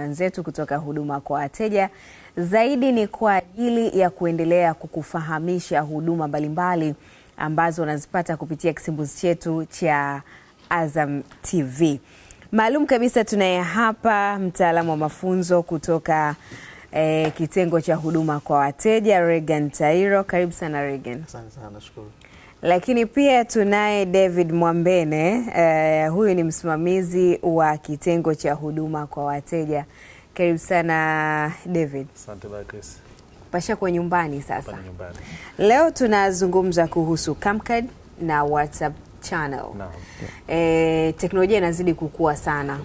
wenzetu kutoka huduma kwa wateja zaidi ni kwa ajili ya kuendelea kukufahamisha huduma mbalimbali ambazo unazipata kupitia kisimbuzi chetu cha Azam TV. Maalum kabisa tunaye hapa mtaalamu wa mafunzo kutoka eh, kitengo cha huduma kwa wateja Regan Tairo. Karibu sana Regan. Asante sana, nashukuru. Lakini pia tunaye David Mwambene eh, huyu ni msimamizi wa kitengo cha huduma kwa wateja. Karibu sana David. Asante Chris. Pasha kwa nyumbani sasa. Nyumbani. Leo tunazungumza kuhusu Camcard na WhatsApp channel. Na, Eh, teknolojia inazidi kukua sana.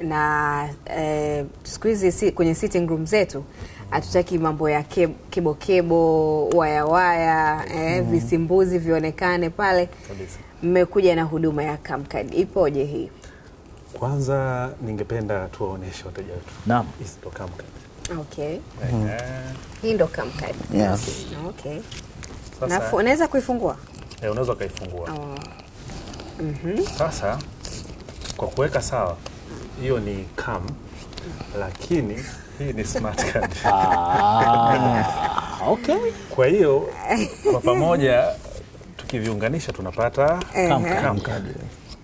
Na eh, siku hizi kwenye sitting room zetu hatutaki mambo ya kebokebo kebo, waya waya eh, mm. visimbuzi vionekane pale. Mmekuja na huduma ya Camcard, ipoje hii? Kwanza ningependa tuwaonyeshe wateja wetu. Naam. ndo Camcard. Okay. Mm. Hii ndo Camcard. Eh, mm. eh. Yes. Okay. Sasa, unaweza kuifungua? Eh, unaweza kaifungua. Oh. Mm -hmm. Sasa kwa kuweka sawa hiyo ni cam lakini hii ni smart card. Ah, okay. Kwa hiyo kwa pamoja tukiviunganisha tunapata cam card.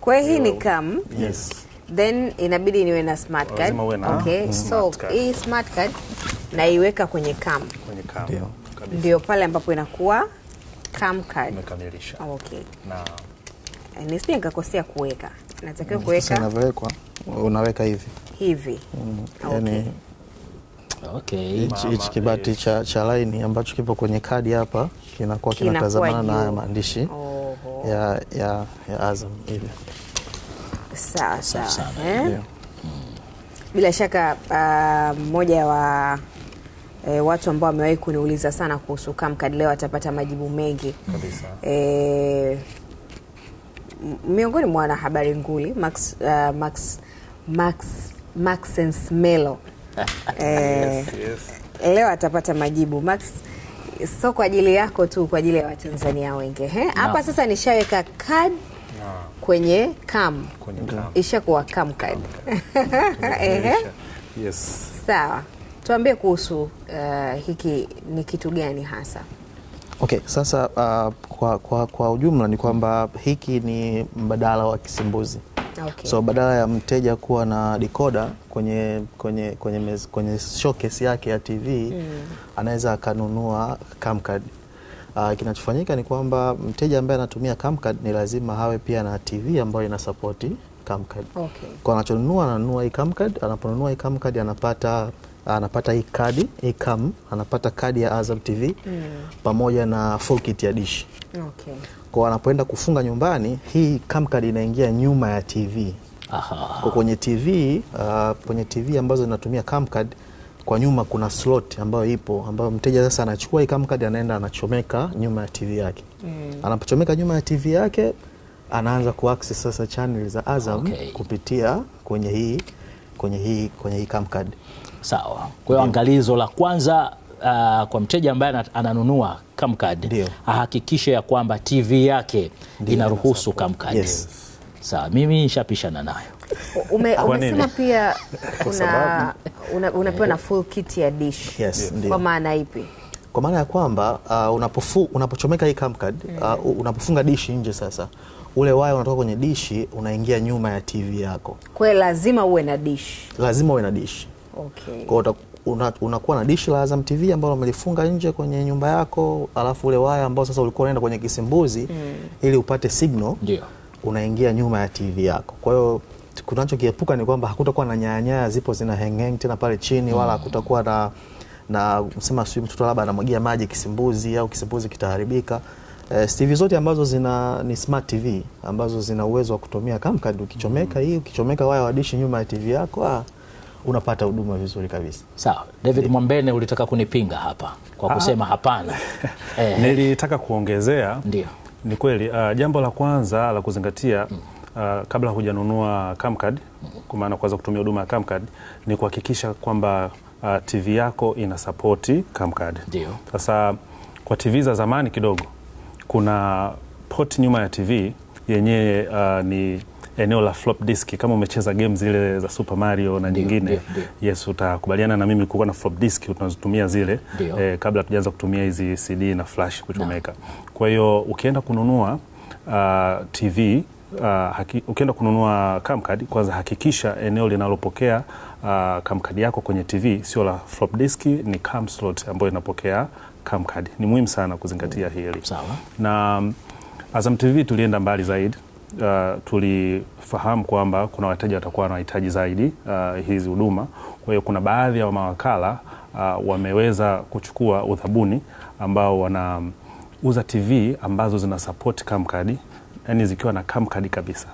Kwa hii ni cam. Yes. Then inabidi niwe na smart card. Lazima uwe na. Okay. Mm. So hii smart card naiweka kwenye cam. Kwenye cam. Ndio. Ndio pale ambapo inakuwa cam card. Umekamilisha. Ah, okay. Na eh, nisije nikakosea kuweka. Natakiwa mm, kuweka. Sasa unaweka hivi hivi. Mm, ah, okay. Yani hichi okay. Kibati yes. cha, cha laini ambacho kipo kwenye kadi hapa kinakuwa kinatazamana na haya maandishi ya, ya, ya Azam hivi sawa sawa eh? Hmm. Bila shaka uh, mmoja uh, wa E, watu ambao wamewahi kuniuliza sana kuhusu Kamkad leo atapata majibu mengi kabisa. E, miongoni mwa wanahabari nguli Max, uh, Max, Max, Maxence Melo Eh, yes. Leo atapata majibu Max, so kwa ajili yako tu, kwa ajili ya Watanzania wengi eh? hapa no. Sasa nishaweka kad no. kwenye kam ishakuwa kam kad Sawa, tuambie kuhusu uh, hiki ni kitu gani hasa? Okay, sasa uh, kwa, kwa, kwa ujumla ni kwamba hiki ni mbadala wa kisimbuzi okay. So badala ya mteja kuwa na decoder kwenye, kwenye, kwenye, mez, kwenye showcase yake ya TV mm. anaweza akanunua Camcard. Uh, ah, kinachofanyika ni kwamba mteja ambaye anatumia Camcard ni lazima hawe pia na TV ambayo support Camcard. Okay. Kwa anachonunua ananunua hii Camcard, anaponunua hii Camcard anapata anapata hii kadi hii cam anapata kadi ya Azam TV mm. pamoja na full kit ya dishi. Okay. Kwa anapoenda kufunga nyumbani, hii Camcard inaingia nyuma ya TV Aha. kwenye TV uh, kwenye TV ambazo zinatumia camcard kwa nyuma kuna slot ambayo ipo ambayo mteja sasa anachukua hii camcard anaenda anachomeka nyuma ya TV yake. Mm. Anapochomeka nyuma ya TV yake anaanza access sasa channel za Azam okay, kupitia kwenye hii kwenye hii kwenye hii camcard. Sawa. Kwa hiyo angalizo la kwanza Uh, kwa mteja ambaye ananunua camcard ahakikishe ya kwamba TV yake inaruhusu camcard. Yes. Sawa, mimi nishapishana nayo. Ume, umesema pia una, una, unapewa na full kit ya dish yes, yes. kwa maana ipi? Kwa maana ya kwamba uh, unapofu, unapochomeka hii camcard uh, mm. unapofunga dishi nje sasa ule waya unatoka kwenye dishi unaingia nyuma ya TV yako. Kwa hiyo lazima uwe na dish. Lazima uwe na dish. Okay. Kwa una, unakuwa na dishi la Azam TV ambalo umelifunga nje kwenye nyumba yako, alafu ule waya ambao sasa ulikuwa unaenda kwenye kisimbuzi mm. ili upate signal. Ndio unaingia nyuma ya TV yako. Kwa hiyo kunachokiepuka ni kwamba hakutakuwa na nyayanyaya zipo zina hang tena pale chini mm. wala hakutakuwa na na msema sio mtoto labda anamwagia maji kisimbuzi au kisimbuzi kitaharibika. Eh, TV zote ambazo zina ni smart TV ambazo zina uwezo wa kutumia kamkadi ukichomeka mm. hii ukichomeka waya wa dishi nyuma ya TV yako ah, unapata huduma vizuri kabisa. Sawa. David eh. Mwambene, ulitaka kunipinga hapa kwa ah. kusema hapana. eh. Nilitaka kuongezea ndio ni kweli uh, jambo la kwanza la kuzingatia uh, kabla hujanunua Camcard kwa maana kuanza kutumia huduma ya Camcard ni kuhakikisha kwamba uh, ah, TV yako ina sapoti Camcard. Ndio. Sasa kwa TV za zamani kidogo kuna port nyuma ya TV yenyewe uh, ni eneo la flop disk. Kama umecheza game zile za Super Mario na nyingine Yes, utakubaliana na mimi kuwa na flop disk tunazotumia zile eh, kabla tujaanza kutumia hizi CD na flash kuchomeka no. Kwa hiyo ukienda kununua uh, ah, TV Uh, ah, haki, ukienda kununua camcard kwanza hakikisha eneo linalopokea uh, ah, camcard yako kwenye TV sio la flop disk, ni cam slot ambayo inapokea camcard. Ni muhimu sana kuzingatia hili. Sawa. Na Azam TV tulienda mbali zaidi uh, tulifahamu kwamba kuna wateja watakuwa wanahitaji zaidi uh, hizi huduma. Kwa hiyo kuna baadhi ya mawakala uh, wameweza kuchukua udhabuni ambao wanauza TV ambazo zina support Camcard, yani zikiwa na Camcard kabisa.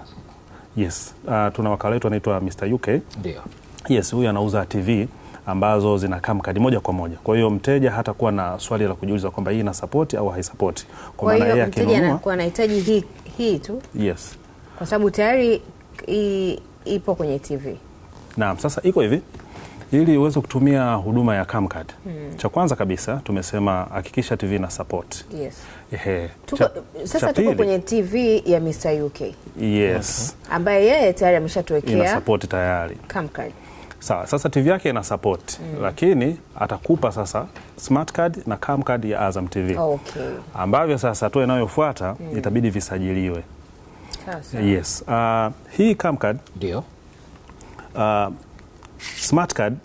Yes, uh, tuna wakala wetu anaitwa Mr UK. Ndio. Yes, huyu anauza TV ambazo zina Camcard moja kwa moja. Kwa hiyo mteja hatakuwa na swali la kujiuliza kwamba hii ina support au haisupport. Kwa maana yeye akinunua, kwa hiyo mteja anakuwa anahitaji hii hii tu? Yes, kwa sababu tayari ipo kwenye TV. Naam, sasa iko hivi ili uweze kutumia huduma ya Camcard hmm. Cha kwanza kabisa tumesema hakikisha TV na support. Yes. Ehe. Tuko, cha, sasa cha tuko kwenye TV ya Mr. UK. Yes. Okay. Ambaye yeye tayari ameshatuwekea. support tayari. Camcard. Sawa, sasa TV yake ina support mm. Lakini atakupa sasa smart card na cam card ya Azam TV okay. Ambavyo sasa hatua inayofuata mm. itabidi visajiliwe sasa. Yes. Uh, hii cam card ndio uh, smart card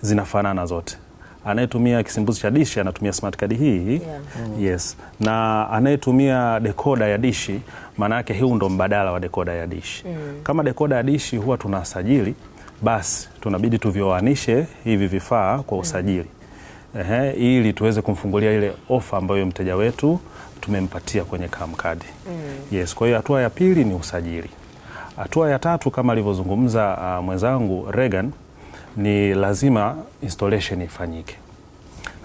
zinafanana zote anayetumia kisimbuzi cha dishi anatumia smart card hii yeah. mm. Yes, na anayetumia dekoda ya dishi, maana yake huu ndo mbadala wa dekoda ya dishi mm. Kama dekoda ya dishi huwa tunasajili basi tunabidi tuvioanishe hivi vifaa kwa usajili Ehe, ili tuweze kumfungulia ile ofa ambayo mteja wetu tumempatia kwenye Kamkadi. Mm. Yes, kwa hiyo hatua ya pili ni usajili. Hatua ya tatu kama alivyozungumza uh, mwenzangu Regan ni lazima installation ifanyike.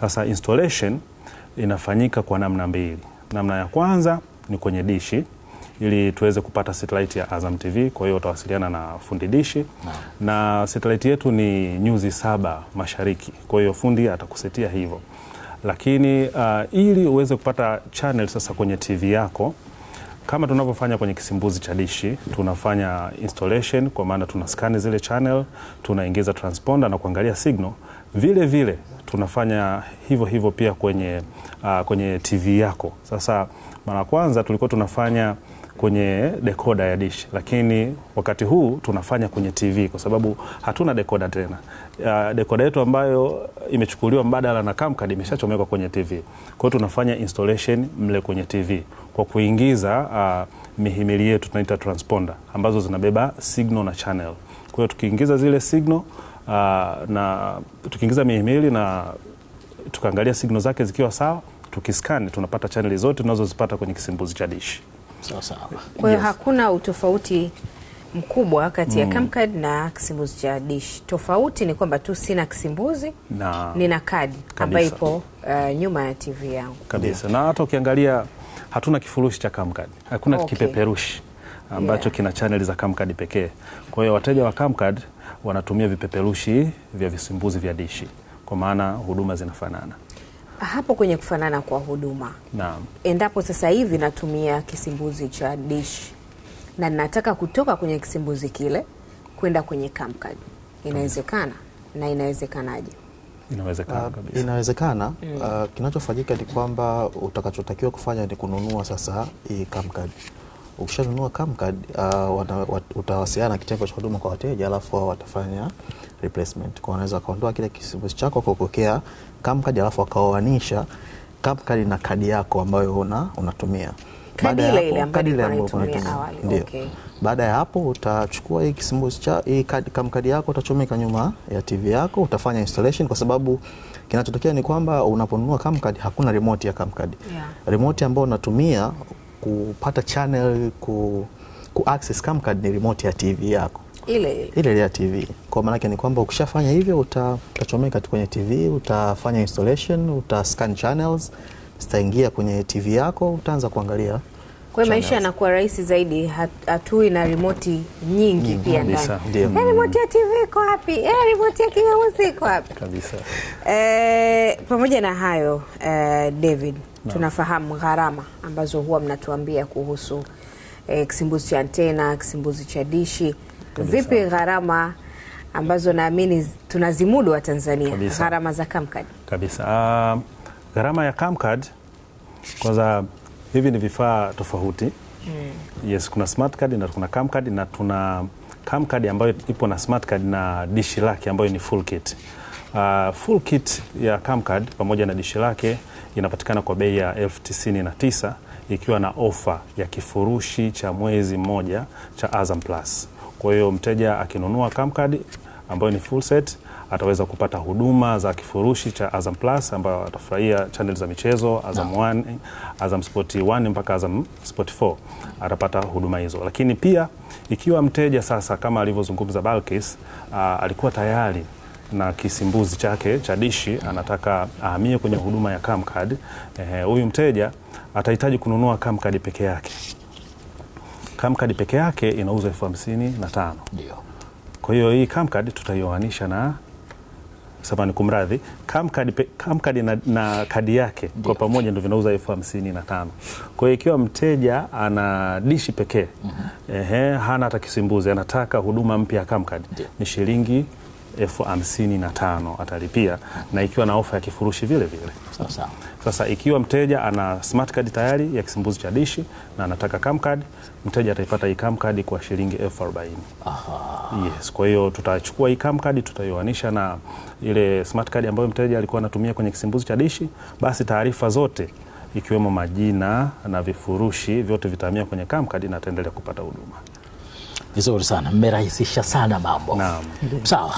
Sasa installation inafanyika kwa namna mbili. Namna ya kwanza ni kwenye dishi ili tuweze kupata satellite ya Azam TV. Kwa hiyo utawasiliana na fundi dishi na, na satellite yetu ni nyuzi saba mashariki, kwa hiyo fundi atakusetia hivyo, lakini uh, ili uweze kupata channel sasa kwenye TV yako kama tunavyofanya kwenye kisimbuzi cha dishi, tunafanya installation kwa maana tuna scan zile channel, tunaingiza transponder na kuangalia signal. Vile vile tunafanya hivyo hivyo pia kwenye, uh, kwenye TV yako. Sasa mara kwanza tulikuwa tunafanya kwenye dekoda ya dish, lakini wakati huu tunafanya kwenye TV kwa sababu hatuna dekoda tena. Uh, dekoda yetu ambayo imechukuliwa mbadala na Camcard imeshachomekwa kwenye TV. Kwa hiyo tunafanya installation mle kwenye TV kwa kuingiza uh, mihimili yetu tunaita transponder ambazo zinabeba signal na channel. Kwa hiyo tukiingiza zile signal uh, na tukiingiza mihimili na tukaangalia signal zake zikiwa sawa, tukiskani tunapata channel zote tunazozipata kwenye kisimbuzi cha dishi. Sawa sawa. Kwa hiyo yes, hakuna utofauti mkubwa kati ya mm, Camcard na kisimbuzi cha Dish. Tofauti ni kwamba tu sina kisimbuzi na, nina kadi ambayo ipo uh, nyuma ya TV yangu kabisa yeah. Na hata ukiangalia hatuna kifurushi cha Camcard, hakuna okay, kipeperushi ambacho yeah, kina chaneli za Camcard pekee. Kwa hiyo wateja wa Camcard wanatumia vipeperushi vya visimbuzi vya Dishi, kwa maana huduma zinafanana hapo kwenye kufanana kwa huduma naam. Endapo sasa hivi natumia kisimbuzi cha Dish na nataka kutoka kwenye kisimbuzi kile kwenda kwenye CamCard, inawezekana? Na inawezekanaje? Inawezekana uh, kabisa. Inawezekana Uh, kinachofanyika ni kwamba utakachotakiwa kufanya ni kununua sasa hii CamCard. Ukishanunua CamCard uh, ah, utawasiliana na kitengo cha huduma kwa wateja, alafu wao watafanya replacement. Kwa anaweza akaondoa kile kisimbuzi chako kam kadi, alafu akaoanisha kadi na kadi yako ambayo una, unatumia baada ya hapo kadi ile ambayo unatumia ndio. Baada ya hapo utachukua hii kisimbuzi cha hii kadi, kam kadi yako utachomeka nyuma ya TV yako, utafanya installation kwa sababu kinachotokea ni kwamba unaponunua kam kadi hakuna remote ya kam kadi Yeah. Remote ambayo unatumia kupata channel ku, ku access kam kadi ni remote ya TV yako ile ile ya TV. Kwa maana yake ni kwamba ukishafanya hivyo utachomeka tu kwenye TV, utafanya installation, scan channels, zitaingia kwenye TV yako, utaanza kuangalia kwa maisha yanakuwa rahisi zaidi, hatui na rimoti nyingi, mm, pia ndani. Eh, remote ya TV iko wapi? Eh, remote ya kinyamuzi iko wapi? Kabisa. Eh, pamoja na hayo eh, David no. tunafahamu gharama ambazo huwa mnatuambia kuhusu eh, kisimbuzi cha antena, kisimbuzi cha dishi vipi gharama ambazo naamini tunazimudu wa Tanzania, gharama za Camcard kabisa. Uh, gharama ya Camcard kwanza, hivi ni vifaa tofauti mm. Yes, kuna smart card na kuna Camcard na tuna Camcard ambayo ipo na smart card na dishi lake ambayo ni full kit. Uh, full kit ya Camcard pamoja na dishi lake inapatikana kwa bei ya elfu tisini na tisa ikiwa na ofa ya kifurushi cha mwezi mmoja cha Azam Plus. Kwa hiyo mteja akinunua Camcard ambayo ni full set ataweza kupata huduma za kifurushi cha Azam Plus ambayo atafurahia channel za michezo Azam 1, Azam Sport 1 mpaka Azam Sport 4 atapata huduma hizo. Lakini pia ikiwa mteja sasa, kama alivyozungumza Balkis, ah, alikuwa tayari na kisimbuzi chake cha dishi anataka ahamie kwenye huduma ya Camcard, huyu mteja atahitaji kununua Camcard peke yake. Camcard peke yake inauza elfu hamsini na tano. Ndio. Kwa hiyo hii Camcard tutaioanisha na samani kumradhi, Camcard, Camcard na, na kadi yake Dio. Kwa pamoja ndio vinauza elfu hamsini na tano. Kwa hiyo ikiwa mteja ana dishi pekee mm -hmm. Ehe, hana hata kisimbuzi, anataka huduma mpya ya Camcard ni shilingi elfu hamsini na tano atalipia na ikiwa na ofa ya kifurushi vile vile. Sasa, sasa ikiwa mteja ana smart card tayari ya kisimbuzi cha dishi na anataka cam card, mteja ataipata hii cam card kwa shilingi elfu arobaini. Yes, kwa hiyo tutachukua hii cam card tutaioanisha na ile smart card ambayo mteja alikuwa anatumia kwenye kisimbuzi cha dishi, basi taarifa zote ikiwemo majina na vifurushi vyote vitahamia kwenye cam card na ataendelea kupata huduma. Vizuri sana, mmerahisisha sana mambo. Naam. Sawa,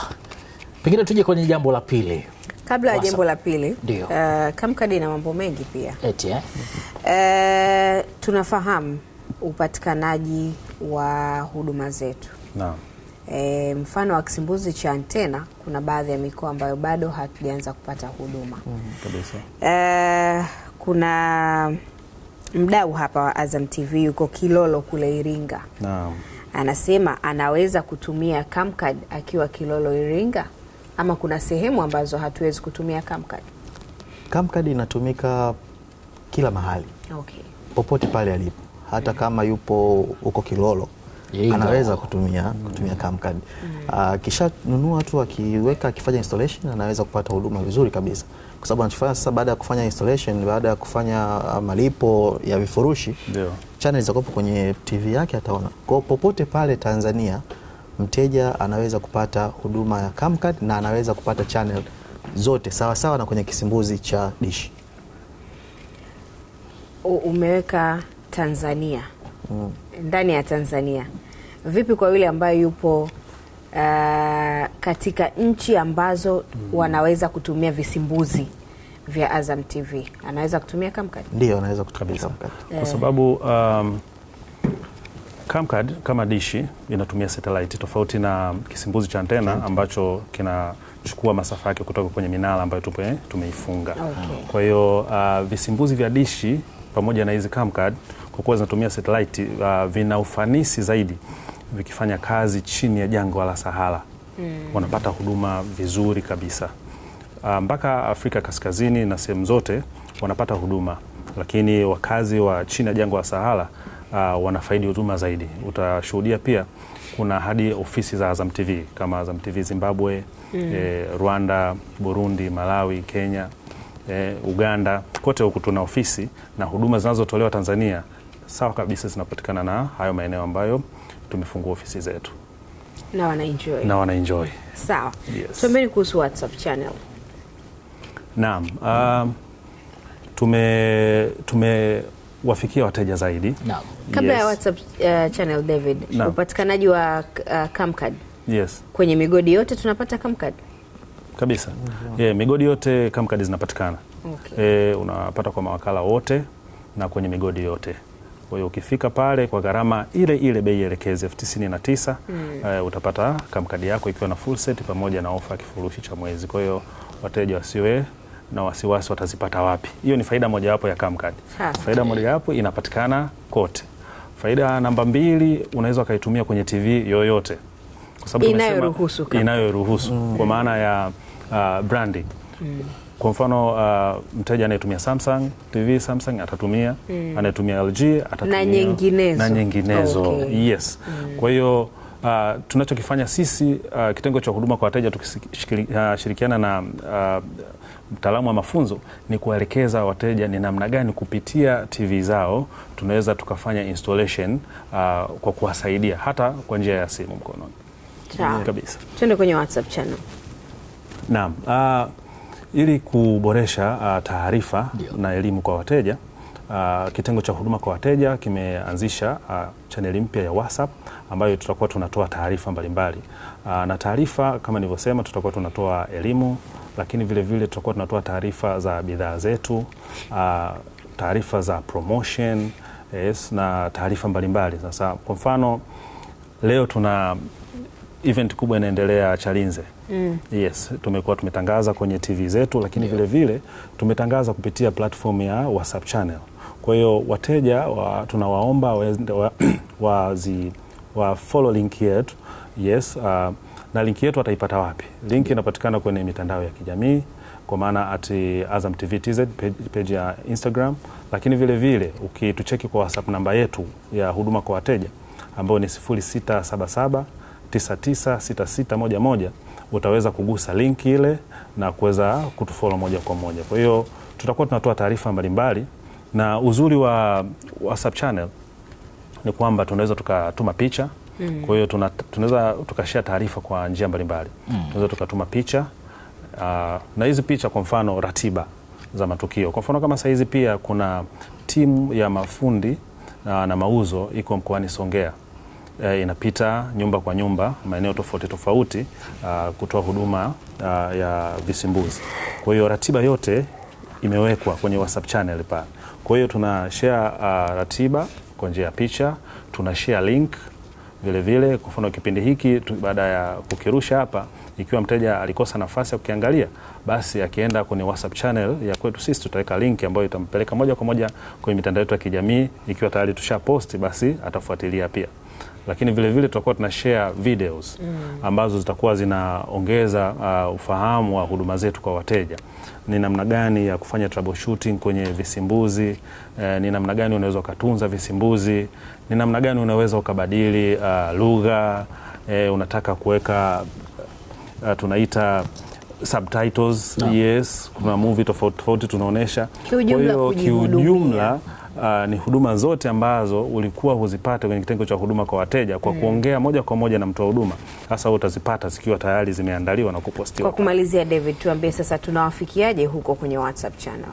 pengine tuje kwenye jambo la pili kabla ya jambo la pili uh, eh, Kamkadi na mambo mengi pia Eti, eh? Uh, tunafahamu upatikanaji wa huduma zetu Naam. E, mfano wa kisimbuzi cha antena, kuna baadhi ya mikoa ambayo bado hatujaanza kupata huduma mm, kabisa. E, kuna mdau hapa wa Azam TV yuko Kilolo kule Iringa anasema anaweza kutumia Camcard akiwa Kilolo Iringa, ama kuna sehemu ambazo hatuwezi kutumia Camcard? Camcard inatumika kila mahali, okay, popote pale alipo, hata kama yupo huko Kilolo Yeiga. Anaweza kutumia mm. Camcard ah, mm. Akishanunua tu akiweka akifanya installation anaweza kupata huduma vizuri kabisa kwa sababu anachofanya sasa baada ya kufanya installation, baada ya kufanya uh, malipo ya vifurushi ndio channel zitakopo kwenye TV yake ataona. Kwa popote pale Tanzania mteja anaweza kupata huduma ya Camcard na anaweza kupata channel zote sawasawa sawa na kwenye kisimbuzi cha dishi. Umeweka Tanzania mm. ndani mm. ya Tanzania, vipi kwa yule ambaye yupo uh, katika nchi ambazo mm wanaweza kutumia visimbuzi vya Azam TV anaweza kutumia Camcard? Ndio, anaweza kutumia Camcard eh. kwa sababu um, Camcard kama dishi inatumia satellite tofauti na kisimbuzi cha antena ambacho kinachukua masafa yake kutoka kwenye minara ambayo tupe, tumeifunga. Okay. Mm. Kwa hiyo uh, visimbuzi vya dishi pamoja na hizi Camcard kwa kuwa zinatumia satellite uh, vina ufanisi zaidi vikifanya kazi chini ya jangwa la Sahara mm. wanapata huduma vizuri kabisa ah, mpaka Afrika Kaskazini na sehemu zote wanapata huduma, lakini wakazi wa chini ya jangwa la Sahara uh, wanafaidi huduma zaidi. Utashuhudia pia kuna hadi ofisi za Azam TV kama Azam TV Zimbabwe mm. eh, Rwanda, Burundi, Malawi, Kenya, eh, Uganda, kote huku tuna ofisi na huduma zinazotolewa Tanzania sawa kabisa zinapatikana na hayo maeneo ambayo tumefungua ofisi zetu na wana enjoy. Na wana enjoy. Sawa. Yes. Tuambeni kuhusu WhatsApp channel. Naam. Um, tume tumewafikia wateja zaidi. Naam. Kabla yes. ya WhatsApp uh, channel David, upatikanaji wa uh, Camcard. Yes. Kwenye migodi yote tunapata Camcard. Kabisa. Yeah, migodi yote Camcard zinapatikana. Okay. Eh, unapata kwa mawakala wote na kwenye migodi yote. Kwa hiyo ukifika pale kwa gharama ile ile bei elekezi elfu tisini na tisa mm. uh, utapata kamkadi yako ikiwa na full set pamoja na ofa ya kifurushi cha mwezi. Kwa hiyo wateja wasiwe na wasiwasi watazipata wapi. Hiyo ni faida mojawapo ya kamkadi Faida mojawapo inapatikana kote. Faida namba mbili unaweza ukaitumia kwenye TV yoyote kwa sababu inayoruhusu inayoruhusu mm. kwa hmm. maana ya uh, branding mm. Kwa mfano uh, mteja anayetumia Samsung TV Samsung atatumia mm. anayetumia LG atatumia na nyinginezo, na nyinginezo. Okay. Yes mm. kwa hiyo Uh, tunachokifanya sisi uh, kitengo cha huduma kwa wateja tukishirikiana uh, na uh, mtaalamu wa mafunzo ni kuwaelekeza wateja ni namna gani kupitia TV zao tunaweza tukafanya installation uh, kwa kuwasaidia hata kwa njia ya simu mkononi kabisa. kwenye WhatsApp channel. Naam. Uh, ili kuboresha uh, taarifa na elimu kwa wateja uh, kitengo cha huduma kwa wateja kimeanzisha uh, chaneli mpya ya WhatsApp ambayo tutakuwa tunatoa taarifa mbalimbali uh, na taarifa kama nilivyosema, tutakuwa tunatoa elimu, lakini vilevile tutakuwa tunatoa taarifa za bidhaa zetu uh, taarifa za promotion yes, na taarifa mbalimbali. Sasa kwa mfano leo tuna event kubwa inaendelea Chalinze. Mm. Yes, tumekuwa tumetangaza kwenye TV zetu lakini yeah, vile vile tumetangaza kupitia platform ya WhatsApp channel. Kwa hiyo wateja wa, tunawaomba wazi wa, wa follow link yetu. Yes, uh, na linki yetu wataipata wapi? Linki inapatikana kwenye mitandao ya kijamii kwa maana at Azam TV TZ page ya Instagram, lakini vile vile ukitucheki kwa WhatsApp namba yetu ya huduma kwa wateja ambayo ni 0677 996611 utaweza kugusa link ile na kuweza kutufollow moja kwa moja. Kwa hiyo tutakuwa tunatoa taarifa mbalimbali, na uzuri wa WhatsApp channel ni kwamba tunaweza tukatuma picha mm. Kwa hiyo tunaweza tukashare taarifa kwa njia mbalimbali mm. tunaweza tukatuma picha uh, na hizi picha kwa mfano ratiba za matukio. Kwa mfano kama saizi pia kuna timu ya mafundi na, ah, na mauzo iko mkoani Songea uh, inapita nyumba kwa nyumba maeneo tofauti tofauti uh, kutoa huduma uh, ya visimbuzi. Kwa hiyo ratiba yote imewekwa kwenye WhatsApp channel pale. Kwa hiyo tuna share uh, ratiba kwa njia ya picha, tuna share link vile vile. Kwa mfano kipindi hiki baada ya kukirusha hapa, ikiwa mteja alikosa nafasi ya kukiangalia, basi akienda kwenye WhatsApp channel ya kwetu sisi, tutaweka link ambayo itampeleka moja kwa moja kwenye mitandao yetu ya kijamii. Ikiwa tayari tusha post, basi atafuatilia pia lakini vilevile tutakuwa tuna share videos mm. ambazo zitakuwa zinaongeza uh, ufahamu wa huduma zetu kwa wateja. Ni namna gani ya kufanya troubleshooting kwenye visimbuzi eh, ni namna gani unaweza ukatunza visimbuzi, ni namna gani unaweza ukabadili uh, lugha eh, unataka kuweka uh, tunaita subtitles no. Yes, kuna movie tofauti tofauti tunaonesha. Kwa hiyo kiujumla uh, ni huduma zote ambazo ulikuwa huzipata kwenye kitengo cha huduma kwa wateja kwa mm. kuongea moja kwa moja na mtoa huduma, sasa utazipata zikiwa tayari zimeandaliwa na kupostiwa. Kwa kumalizia, David, tuambie sasa tunawafikiaje huko kwenye WhatsApp channel?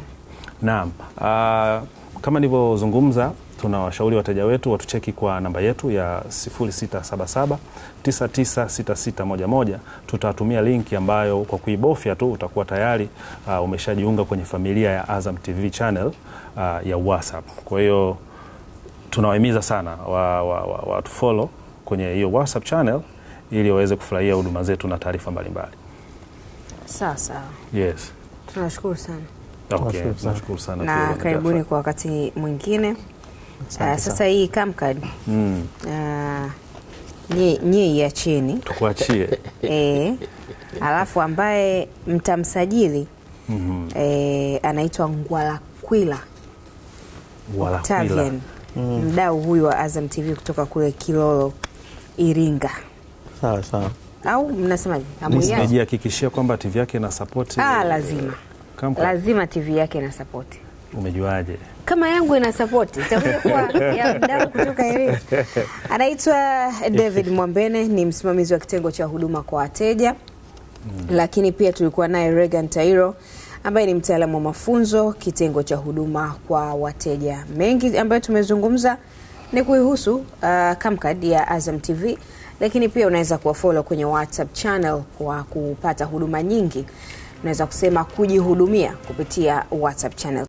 Naam, uh, kama nilivyozungumza tunawashauri wateja wetu watucheki kwa namba yetu ya 0677 996611. Tutatumia linki ambayo kwa kuibofya tu utakuwa tayari uh, umeshajiunga kwenye familia ya Azam TV channel uh, ya WhatsApp. Kwa hiyo tunawahimiza sana watufollow wa, wa, wa kwenye hiyo WhatsApp channel ili waweze kufurahia huduma zetu na taarifa mbalimbali. Sasa yes, tunashukuru sana. Okay, tunashukuru sana na karibuni kwa wakati mwingine. Uh, sasa hii CamCard mm. uh, ah, nyie iacheni tukuachie e, alafu ambaye mtamsajili mm -hmm. e, anaitwa Ngwalakwila Octavian mm. mdau huyu wa Azam TV kutoka kule Kilolo Iringa. Sawa sawa au mnasemaje? Amejihakikishia kwamba TV yake ina support. Ah, lazima lazima TV yake ina support. Umejuaje? kama yangu ina support itakuwa ya mdau kutoka Iringa. Anaitwa David Mwambene, ni msimamizi wa kitengo cha huduma kwa wateja mm. Lakini pia tulikuwa naye Regan Tairo ambaye ni mtaalamu wa mafunzo kitengo cha huduma kwa wateja. Mengi ambayo tumezungumza ni kuihusu uh, Camcard ya Azam TV, lakini pia unaweza kuwafollow kwenye WhatsApp channel kwa kupata huduma nyingi. Unaweza kusema kujihudumia kupitia WhatsApp channel.